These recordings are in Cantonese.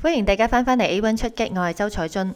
歡迎大家翻返嚟 A One 出擊，我係周彩津。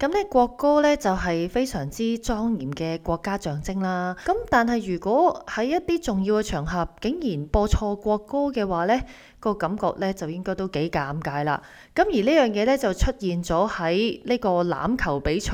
咁呢國歌咧就係非常之莊嚴嘅國家象徵啦。咁但係如果喺一啲重要嘅場合，竟然播錯國歌嘅話咧，個感覺咧就應該都幾尷尬啦。咁而呢樣嘢咧就出現咗喺呢個欖球比賽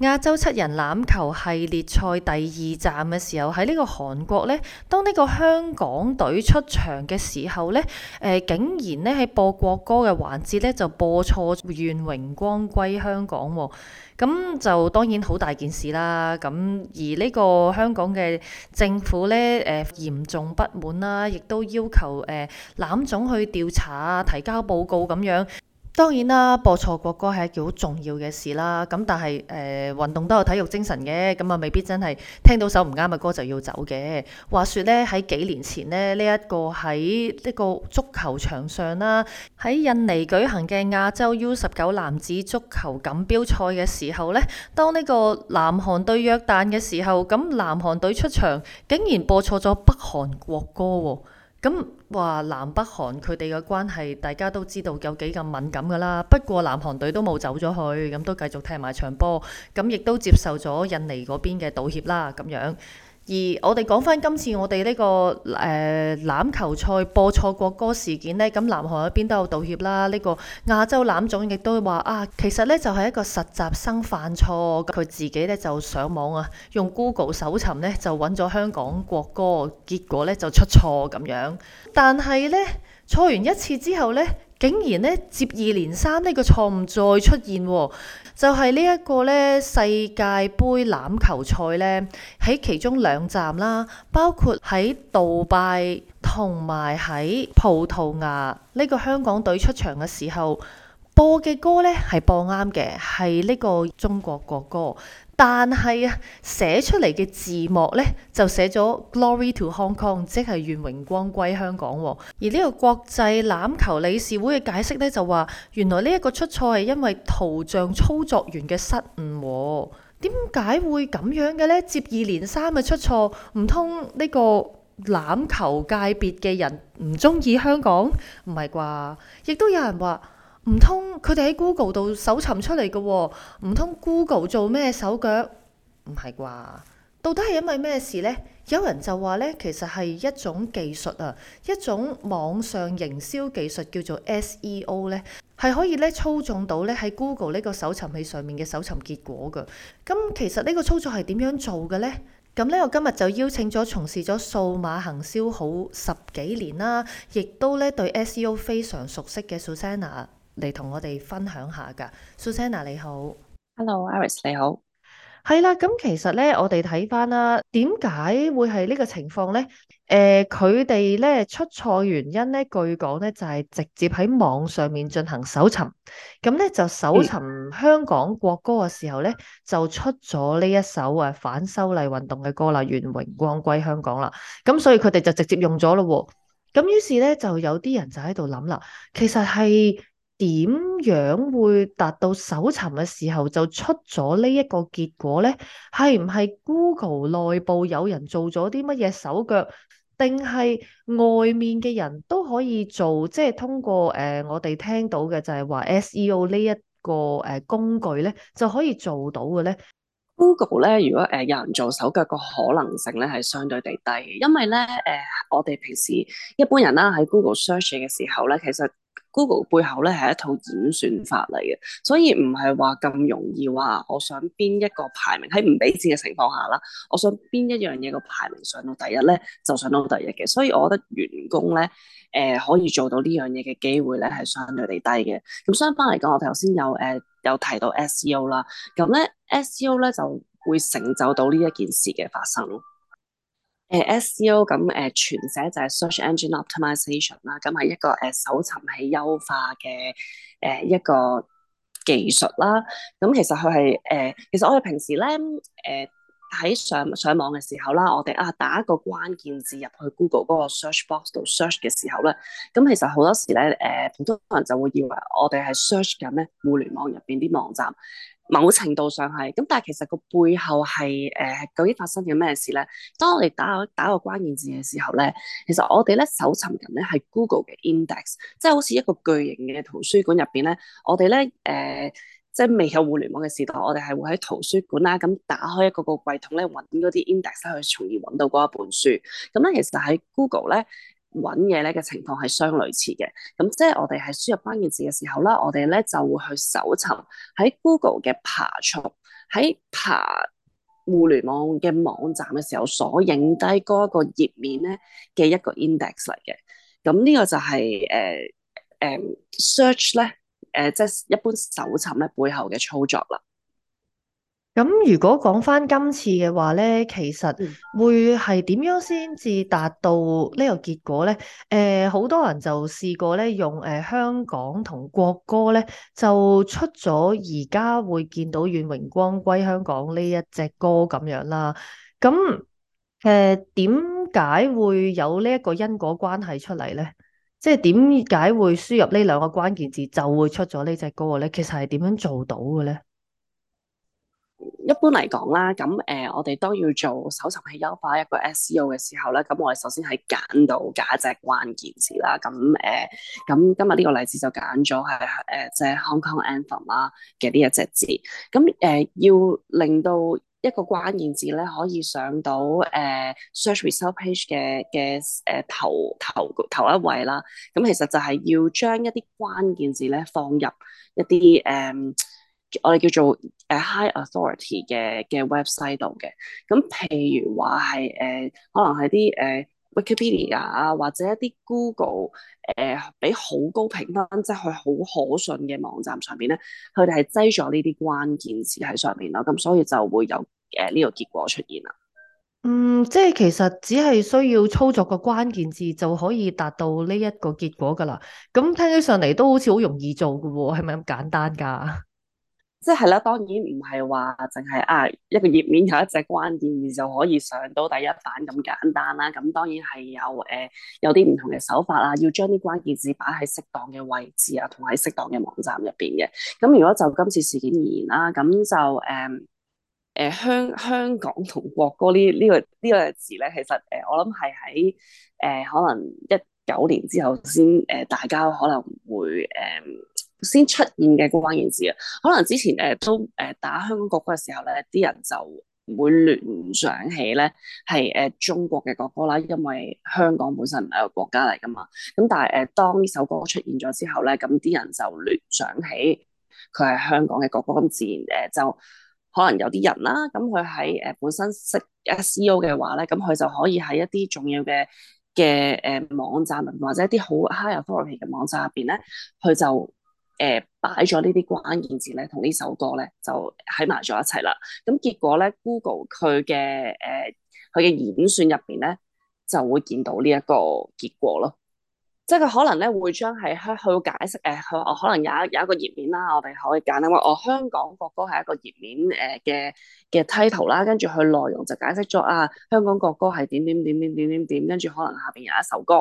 亞洲七人欖球系列賽第二站嘅時候，喺呢個韓國咧，當呢個香港隊出場嘅時候咧，誒、呃、竟然咧喺播國歌嘅環節咧就播錯，願榮光歸香港喎、哦。咁就當然好大件事啦。咁而呢個香港嘅政府呢，誒、呃、嚴重不滿啦，亦都要求誒欖、呃、總去調查啊，提交報告咁樣。當然啦，播錯國歌係一件好重要嘅事啦。咁但係誒運動都有體育精神嘅，咁啊未必真係聽到首唔啱嘅歌就要走嘅。話說咧，喺幾年前呢，呢一個喺呢個足球場上啦，喺印尼舉行嘅亞洲 U 十九男子足球錦標賽嘅時候呢，當呢個南韓對約旦嘅時候，咁南韓隊出場，竟然播錯咗北韓國歌喎。咁話南北韓佢哋嘅關係，大家都知道有幾咁敏感㗎啦。不過南韓隊都冇走咗去，咁都繼續踢埋場波，咁亦都接受咗印尼嗰邊嘅道歉啦。咁樣。而我哋講翻今次我哋呢個誒欖球賽播錯國歌事件呢，咁南韓嗰邊都有道歉啦。呢個亞洲欖總亦都話啊，其實呢就係一個實習生犯錯，佢自己呢就上網啊，用 Google 搜尋呢就揾咗香港國歌，結果呢就出錯咁樣。但係呢，錯完一次之後呢。竟然咧，接二連三呢個錯誤再出現喎，就係呢一個咧世界盃欖球賽咧，喺其中兩站啦，包括喺杜拜同埋喺葡萄牙，呢個香港隊出場嘅時候。播嘅歌呢係播啱嘅，係呢個中國國歌，但係啊，寫出嚟嘅字幕呢，就寫咗《Glory to Hong Kong》，即係願榮光歸香港。而呢個國際欖球理事會嘅解釋呢，就話，原來呢一個出錯係因為圖像操作員嘅失誤。點解會咁樣嘅呢？接二連三嘅出錯，唔通呢個欖球界別嘅人唔中意香港？唔係啩？亦都有人話。唔通佢哋喺 Google 度搜尋出嚟嘅喎？唔通 Google 做咩手腳？唔係啩？到底係因為咩事呢？有人就話呢，其實係一種技術啊，一種網上營銷技術叫做 SEO 呢，係可以咧操縱到咧喺 Google 呢個搜尋器上面嘅搜尋結果嘅。咁、嗯、其實呢個操作係點樣做嘅呢？咁、嗯、呢，我今日就邀請咗從事咗數碼行銷好十幾年啦、啊，亦都咧對 SEO 非常熟悉嘅 Susanna。嚟同我哋分享下噶，Susanna 你好，Hello Iris 你好，係啦。咁其實咧，我哋睇翻啦，點解會係呢個情況咧？誒、呃，佢哋咧出錯原因咧，據講咧就係、是、直接喺網上面進行搜尋，咁咧就搜尋香港國歌嘅時候咧，嗯、就出咗呢一首誒、啊、反修例運動嘅歌啦，《願榮光歸香港》啦。咁所以佢哋就直接用咗咯喎。咁於是咧，就有啲人就喺度諗啦，其實係。點樣會達到搜尋嘅時候就出咗呢一個結果咧？係唔係 Google 內部有人做咗啲乜嘢手腳，定係外面嘅人都可以做？即係通過誒、呃、我哋聽到嘅就係話 SEO 呢一個誒工具咧就可以做到嘅咧？Google 咧，如果誒有人做手腳個可能性咧係相對地低，因為咧誒我哋平時一般人啦喺 Google search 嘅時候咧其實。Google 背後咧係一套演算法嚟嘅，所以唔係話咁容易話，我想邊一個排名喺唔俾錢嘅情況下啦，我想邊一樣嘢個排名上到第一咧，就上到第一嘅。所以我覺得員工咧，誒、呃、可以做到呢樣嘢嘅機會咧係相對地低嘅。咁相反嚟講，我哋頭先有誒、呃、有提到 SEO 啦，咁咧 SEO 咧就會成就到呢一件事嘅發生。誒，SEO 咁誒全寫就係 search engine optimization 啦，咁係一個誒搜尋器優化嘅誒一個技術啦。咁其實佢係誒，其實我哋平時咧，誒喺上上網嘅時候啦，我哋啊打一個關鍵字入去 Google 嗰個 search box 度 search 嘅時候咧，咁其實好多時咧，誒，普通人就會以為我哋係 search 緊咧互聯網入邊啲網站。某程度上係，咁但係其實個背後係誒、呃、究竟發生咗咩事咧？當我哋打個打個關鍵字嘅時候咧，其實我哋咧搜尋人咧係 Google 嘅 index，即係好似一個巨型嘅圖書館入邊咧，我哋咧誒即係未有互聯網嘅時代，我哋係會喺圖書館啦咁打開一個個櫃桶咧揾嗰啲 index 去，ind ex, 從而揾到嗰一本書。咁咧其實喺 Google 咧。揾嘢咧嘅情況係相類似嘅，咁即係我哋喺輸入關鍵字嘅時候啦，我哋咧就會去搜尋喺 Google 嘅爬蟲喺爬互聯網嘅網站嘅時候所影低嗰一個頁面咧嘅一個 index 嚟嘅，咁呢個就係誒誒 search 咧，誒即係一般搜尋咧背後嘅操作啦。咁如果講返今次嘅話咧，其實會係點樣先至達到呢個結果咧？誒、呃，好多人就試過咧，用誒、呃、香港同國歌咧，就出咗而家會見到《願榮光歸香港》呢一隻歌咁樣啦。咁誒，點、呃、解會有呢一個因果關係出嚟咧？即係點解會輸入呢兩個關鍵字就會出咗呢隻歌咧？其實係點樣做到嘅咧？一般嚟講啦，咁誒、呃，我哋當要做搜尋器優化一個 SEO 嘅時候咧，咁我哋首先係揀到架隻關鍵字啦，咁誒，咁、呃、今日呢個例子就揀咗係誒即係 Hong Kong Anthem 啦嘅呢一隻字，咁誒、呃、要令到一個關鍵字咧可以上到誒 search result page 嘅嘅誒頭頭頭一位啦，咁其實就係要將一啲關鍵字咧放入一啲誒。呃我哋叫做誒 High Authority 嘅嘅 website 度嘅，咁譬如話係誒可能係啲誒 Wikipedia 啊，或者一啲 Google 誒、呃、俾好高評分，即係佢好可信嘅網站上邊咧，佢哋係擠咗呢啲關鍵字喺上面啦，咁所以就會有誒呢個結果出現啦。嗯，即係其實只係需要操作個關鍵字就可以達到呢一個結果㗎啦。咁聽起上嚟都好似好容易做嘅喎、哦，係咪咁簡單㗎？即係啦，當然唔係話淨係啊一個頁面有一隻關鍵字就可以上到第一版咁簡單啦、啊。咁當然係有誒、呃、有啲唔同嘅手法啦、啊，要將啲關鍵字擺喺適當嘅位置啊，同喺適當嘅網站入邊嘅。咁、嗯、如果就今次事件而言啦、啊，咁就誒誒香香港同國歌、這個這個、呢呢個呢個詞咧，其實誒、呃、我諗係喺誒可能一九年之後先誒、呃、大家可能會誒。嗯先出現嘅關鍵字啊，可能之前誒、呃、都誒、呃、打香港國歌嘅時候咧，啲人就唔會聯想起咧係誒中國嘅國歌啦，因為香港本身唔係一個國家嚟噶嘛。咁但係誒、呃、當呢首歌出現咗之後咧，咁啲人就聯想起佢係香港嘅國歌，咁自然誒就可能有啲人啦，咁佢喺誒本身識 SEO 嘅話咧，咁佢就可以喺一啲重要嘅嘅誒網站，或者一啲好 high authority 嘅網站入邊咧，佢就誒擺咗呢啲關鍵字咧，同呢首歌咧就喺埋咗一齊啦。咁結果咧，Google 佢嘅誒佢嘅演算入邊咧，就會見到呢一個結果咯。即係佢可能咧會將係香去解釋，誒、呃，佢我可能有一有一個頁面啦，我哋可以簡單話，我香港國歌係一個頁面，誒嘅嘅 title 啦，跟住佢內容就解釋咗啊，香港國歌係點點點點點點點，跟住可能下邊有一首歌，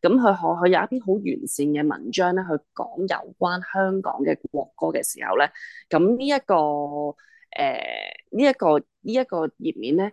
咁佢可佢有一篇好完善嘅文章咧，去講有關香港嘅國歌嘅時候咧，咁呢一個誒呢一個呢一個頁面咧。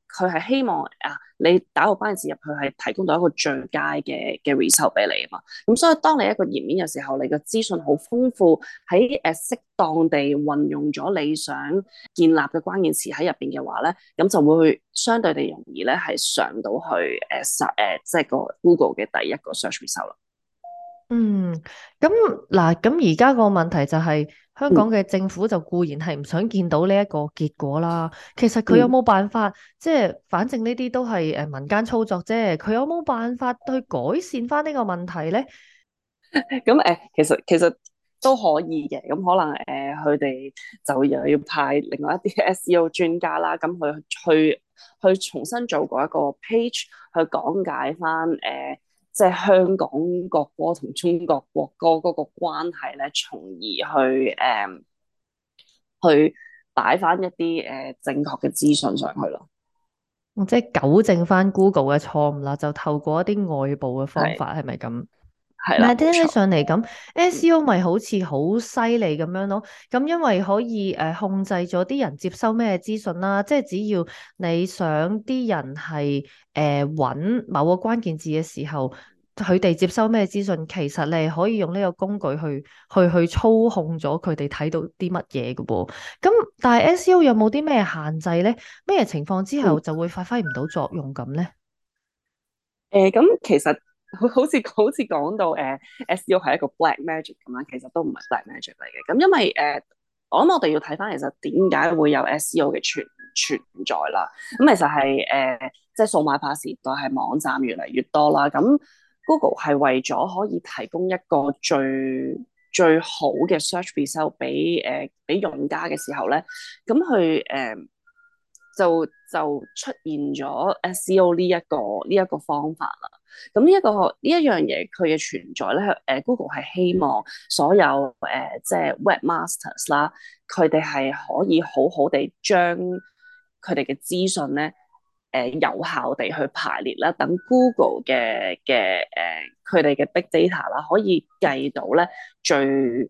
佢係希望啊，你打個關鍵詞入去係提供到一個最佳嘅嘅 result 俾你啊嘛。咁、嗯、所以當你一個頁面嘅時候，你嘅資訊好豐富，喺誒適當地運用咗你想建立嘅關鍵詞喺入邊嘅話咧，咁就會相對地容易咧係上到去誒搜、啊、即係、啊、個、就是、Google 嘅第一個 search result 啦。嗯，咁嗱，咁而家個問題就係、是。香港嘅政府就固然係唔想見到呢一個結果啦。其實佢有冇辦法， 即係反正呢啲都係誒民間操作啫。佢有冇辦法去改善翻呢個問題咧？咁誒、嗯，其實其實都可以嘅。咁可能誒，佢、嗯、哋就又要派另外一啲 SEO 專家啦，咁去去去重新做過一個 page 去講解翻誒。嗯即係香港國歌同中國國歌嗰個關係咧，從而去誒去擺翻一啲誒正確嘅資訊上去咯。哦，即係糾正翻 Google 嘅錯誤啦，就透過一啲外部嘅方法，係咪咁？是係啦，但係聽起上嚟咁，SEO 咪好似好犀利咁樣咯。咁因為可以誒、呃、控制咗啲人接收咩資訊啦，即係只要你想啲人係誒搵某個關鍵字嘅時候，佢哋接收咩資訊，其實你可以用呢個工具去去去操控咗佢哋睇到啲乜嘢嘅喎。咁但係 SEO 有冇啲咩限制咧？咩情況之後就會發揮唔到作用咁咧？誒、嗯，咁、呃嗯、其實。好似好似講到誒、uh,，SEO 係一個 black magic 咁樣、uh, 嗯，其實都唔係 black magic 嚟嘅。咁因為誒，我諗我哋要睇返其實點解會有 SEO 嘅存存在啦。咁其實係誒，即係數碼化時代係網站越嚟越多啦。咁 Google 係為咗可以提供一個最最好嘅 search result 俾誒俾用家嘅時候咧，咁佢誒就就出現咗 SEO 呢、這、一個呢一、這個方法啦。咁呢一個呢一樣嘢，佢嘅存在咧，誒，Google 係希望所有誒，即、呃、係、就是、Webmasters 啦，佢哋係可以好好地將佢哋嘅資訊咧，誒、呃，有效地去排列啦，等 Google 嘅嘅誒，佢哋嘅 Big Data 啦，可以計到咧最適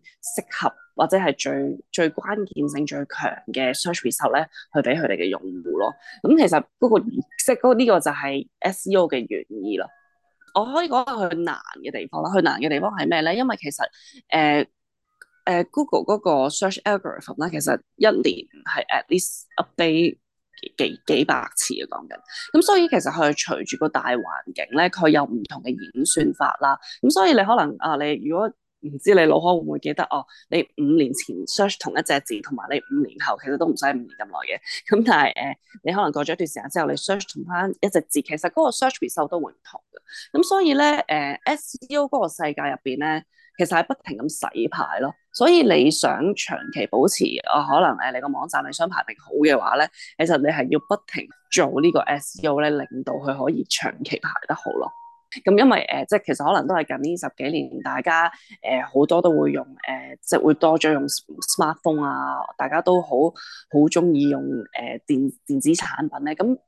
合或者係最最關鍵性最強嘅 Search Result 咧，去俾佢哋嘅用戶咯。咁、嗯、其實嗰個即係嗰呢個就係 SEO 嘅原意咯。我可以講下去難嘅地方啦，佢難嘅地方係咩咧？因為其實誒誒、呃呃、Google 嗰個 search algorithm 啦，其實一年係 at least update 幾幾百次啊，講緊。咁所以其實佢隨住個大環境咧，佢有唔同嘅演算法啦。咁所以你可能啊，你如果唔知你腦海會唔會記得哦？你五年前 search 同一隻字，同埋你五年後其實都唔使五年咁耐嘅。咁但係誒、呃，你可能過咗一段時間之後，你 search 同返一隻字，其實嗰個 search result，都會唔同嘅。咁所以咧誒、呃、SEO 嗰個世界入邊咧，其實係不停咁洗牌咯。所以你想長期保持哦、呃，可能誒你個網站你想排名好嘅話咧，其實你係要不停做個呢個 SEO 咧，令到佢可以長期排得好咯。咁、嗯、因為誒，即、呃、係其實可能都係近呢十幾年，大家誒好、呃、多都會用誒、呃，即係會多咗用 smartphone 啊，大家都好好中意用誒、呃、電電子產品咧、啊，咁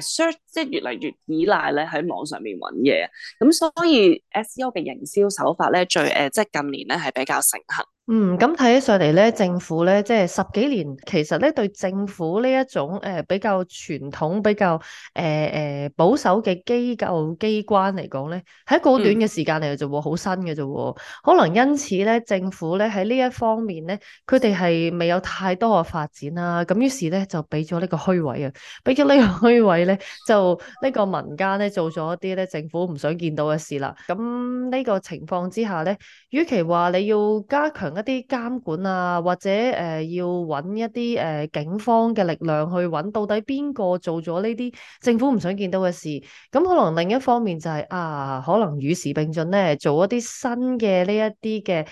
誒 search 即係越嚟越依賴咧喺網上邊揾嘢，咁、嗯、所以 SEO 嘅營銷手法咧最誒、呃，即係近年咧係比較盛行。嗯，咁睇起上嚟咧，政府咧即係十幾年，其實咧對政府呢一種誒比較傳統比較誒誒保守嘅機構機關嚟講咧，係一個好短嘅時間嚟嘅啫喎，好新嘅啫。可能因此咧，政府咧喺呢一方面咧，佢哋係未有太多嘅發展啦。咁於是咧就俾咗呢個虛位啊，俾咗呢個虛位咧，就呢個民間咧做咗一啲咧政府唔想見到嘅事啦。咁呢個情況之下咧，與其話你要加強。一啲監管啊，或者誒、呃、要揾一啲誒、呃、警方嘅力量去揾到底邊個做咗呢啲政府唔想見到嘅事。咁可能另一方面就係、是、啊，可能與時並進咧，做一啲新嘅呢一啲嘅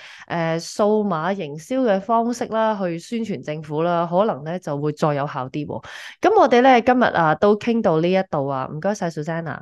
誒數碼營銷嘅方式啦，去宣傳政府啦，可能咧就會再有效啲。咁我哋咧今日啊都傾到呢一度啊，唔該晒 Susanna。